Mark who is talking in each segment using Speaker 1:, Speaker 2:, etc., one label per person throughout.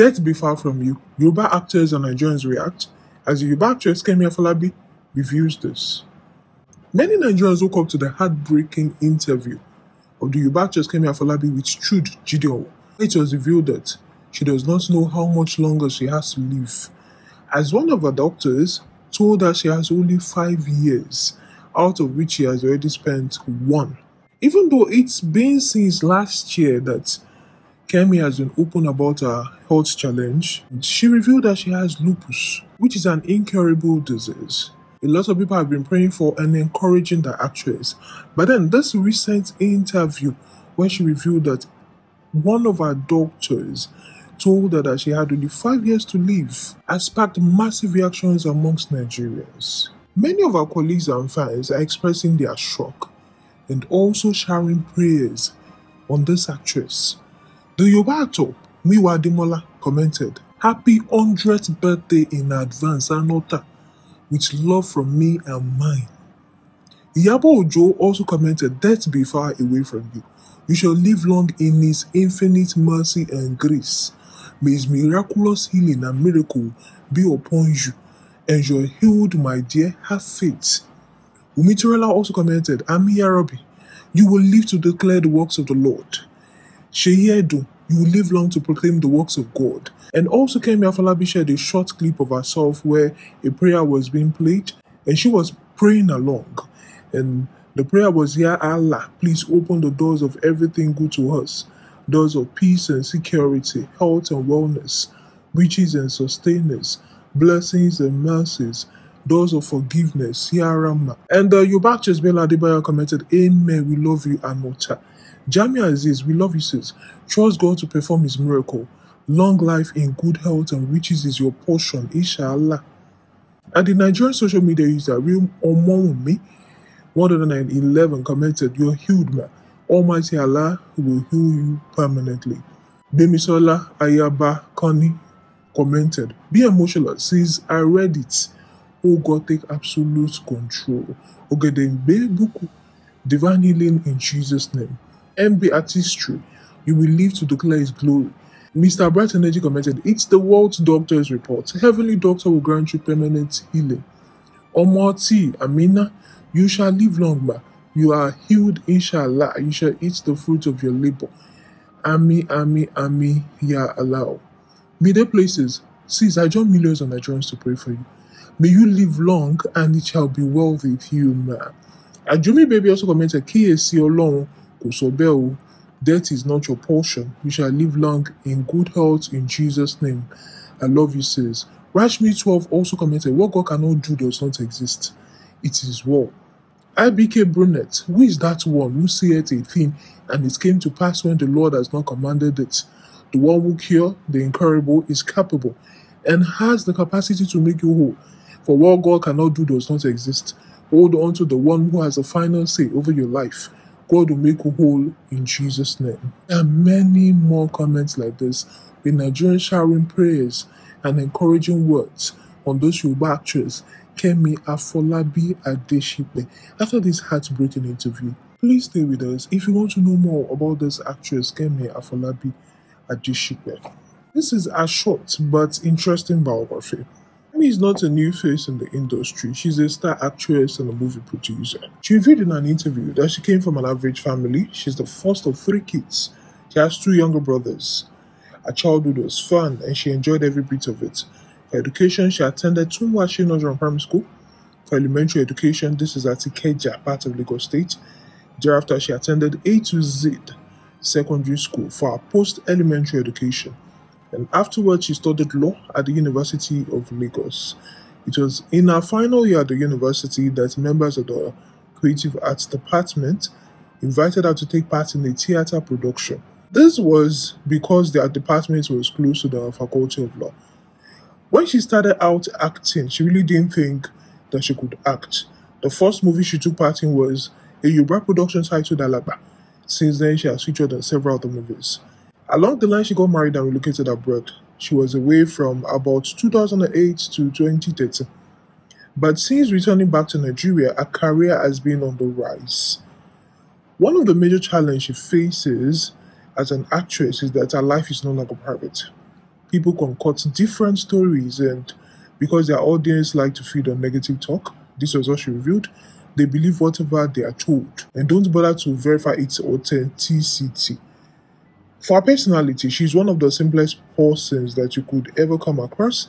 Speaker 1: Death be far from you. Yoruba actors and Nigerians react as Yoruba actress Kemi Afolabi reviews this. Many Nigerians woke up to the heartbreaking interview of the Yoruba actress Kemi Afolabi with Trude Gideon. It was revealed that she does not know how much longer she has to live, as one of her doctors told her she has only five years, out of which she has already spent one. Even though it's been since last year that Kemi has been open about her health challenge, she revealed that she has lupus, which is an incurable disease. A lot of people have been praying for and encouraging the actress. But then, this recent interview where she revealed that one of her doctors told her that she had only five years to live has sparked massive reactions amongst Nigerians. Many of our colleagues and fans are expressing their shock and also sharing prayers on this actress. The Yoruba actor Miwa Ademola commented, Happy 100th birthday in advance, Anota, with love from me and mine. Iyabo Ojo also commented, Death be far away from you. You shall live long in His infinite mercy and grace. May His miraculous healing and miracle be upon you, and you are healed, my dear. Have faith. Umitirela also commented, Ami Yarabi. you will live to declare the works of the Lord. Sheyedu you will live long to proclaim the works of God. And also, Kemi Afalabi shared a short clip of herself where a prayer was being played and she was praying along. And the prayer was, Ya Allah, please open the doors of everything good to us doors of peace and security, health and wellness, riches and sustenance, blessings and mercies, doors of forgiveness, Yarama. And uh, Yubach Chesbel Adebayo commented, Amen, we love you, Anota. Jamia Aziz, we love you sis. Trust God to perform his miracle. Long life in good health and riches is your portion, inshallah. And the Nigerian social media user Real me, 111 commented, You're healed, man. Almighty Allah will heal you permanently. Bemisola Ayaba Kani commented, Be emotional, sis. I read it. Oh God, take absolute control. be Buku, divine healing in Jesus' name. MB artistry, you will live to declare His glory. Mr. Bright Energy commented, It's the world's doctor's report. Heavenly doctor will grant you permanent healing. Omoti, Amina, you shall live long, ma. You are healed, inshallah. You shall eat the fruit of your labor. Ami, Ami, Ami, Ya Allah. Middle places, since I join millions of Nigerians to pray for you. May you live long and it shall be well with you, ma. Ajumi Baby also commented, KSC Olorun kò sọ bẹ́ẹ̀ o death is not your portion you shall live long in good health in jesus name i love you sis rashmi12 also commented what god cannot do does not exist it is war ibk brunet who is that one who saith a thing and it came to pass when the lord has not commanded it the one who cure the incurable is capable and has the capacity to make you whole for what god cannot do does not exist hold on to the one who has the final say over your life God will make you whole in Jesus' name. And many more comments like this. The Nigerian showering prayers and encouraging words on those Yoruba actress Kemi Afolabi Adeshipe after this heartbreaking interview. Please stay with us if you want to know more about this actress Kemi Afolabi Adeshipe. This is a short but interesting biography. Femi is not a new face in the industry. She's a star actress and a movie producer. She revealed in an interview that she came from an average family. She's the first of three kids. She has two younger brothers. Her childhood was fun and she enjoyed every bit of it. For education, she attended Tumwashi Nursery Primary School. For elementary education, this is at Ikeja, part of Lagos State. Thereafter, she attended A to Z Secondary School for her post-elementary education and afterwards she studied law at the University of Lagos. It was in her final year at the university that members of the Creative Arts Department invited her to take part in a theater production. This was because the department was close to the Faculty of Law. When she started out acting, she really didn't think that she could act. The first movie she took part in was a Yoruba production titled Alaba. Since then, she has featured in several other movies. Along the line, she got married and relocated abroad. She was away from about 2008 to 2013. But since returning back to Nigeria, her career has been on the rise. One of the major challenges she faces as an actress is that her life is no longer private. People concoct different stories, and because their audience like to feed on negative talk, this was what she revealed, they believe whatever they are told and don't bother to verify its authenticity for her personality, she's one of the simplest persons that you could ever come across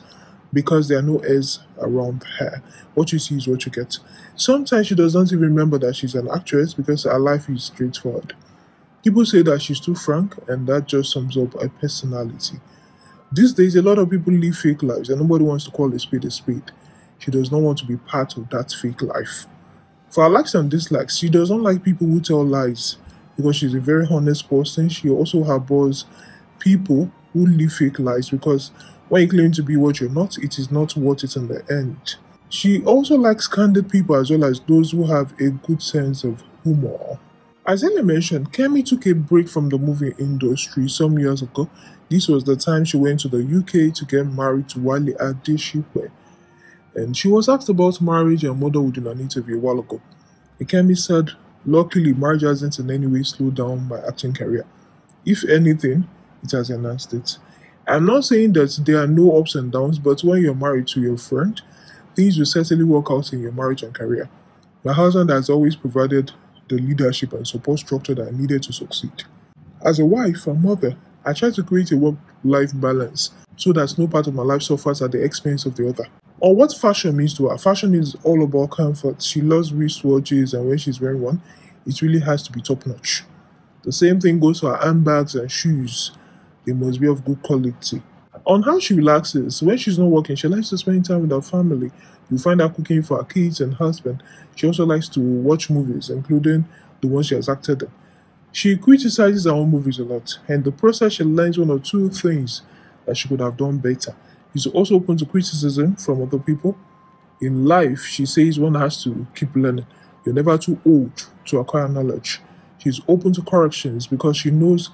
Speaker 1: because there are no airs around her. What you see is what you get. Sometimes she does not even remember that she's an actress because her life is straightforward. People say that she's too frank, and that just sums up her personality. These days, a lot of people live fake lives, and nobody wants to call a spade a spade. She does not want to be part of that fake life. For her likes and dislikes, she does not like people who tell lies because she's a very honest person. She also harbors people who live fake lives because when you claim to be what you're not, it is not what it's in the end. She also likes candid people as well as those who have a good sense of humor. As Ella mentioned, Kemi took a break from the movie industry some years ago. This was the time she went to the UK to get married to Wale Adeshipe. And she was asked about marriage and motherhood in an interview a while ago. And Kemi said Luckily, marriage hasn't in any way slowed down my acting career. If anything, it has enhanced it. I'm not saying that there are no ups and downs, but when you're married to your friend, things will certainly work out in your marriage and career. My husband has always provided the leadership and support structure that I needed to succeed. As a wife and mother, I try to create a work life balance so that no part of my life suffers at the expense of the other or what fashion means to her. Fashion is all about comfort. She loves wrist watches, and when she's wearing one, it really has to be top notch. The same thing goes for her handbags and shoes. They must be of good quality. On how she relaxes, when she's not working, she likes to spend time with her family. You find her cooking for her kids and husband. She also likes to watch movies, including the ones she has acted in. She criticizes her own movies a lot, and the process she learns one or two things that she could have done better is also open to criticism from other people. In life, she says one has to keep learning. You're never too old to acquire knowledge. She's open to corrections because she knows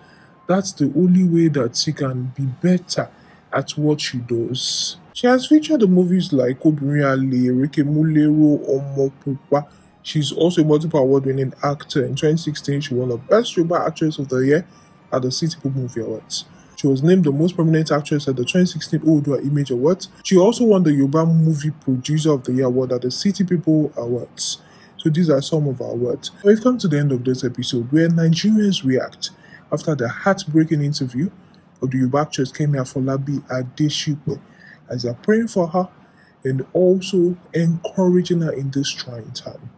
Speaker 1: that's the only way that she can be better at what she does. She has featured in movies like Obirin Ali, Erike Mulero, Omo Pupa. She's also a multiple award winning actor. In 2016, she won the Best Yoruba Actress of the Year at the City Pop Movie Awards. She was named the most prominent actress at the 2016 Odua Image Awards. She also won the Yoruba Movie Producer of the Year award at the City People Awards. So these are some of our words. We've come to the end of this episode where Nigerians react after the heartbreaking interview of the Yoruba actress Kemi Afolabi Adeshipe as they're praying for her and also encouraging her in this trying time.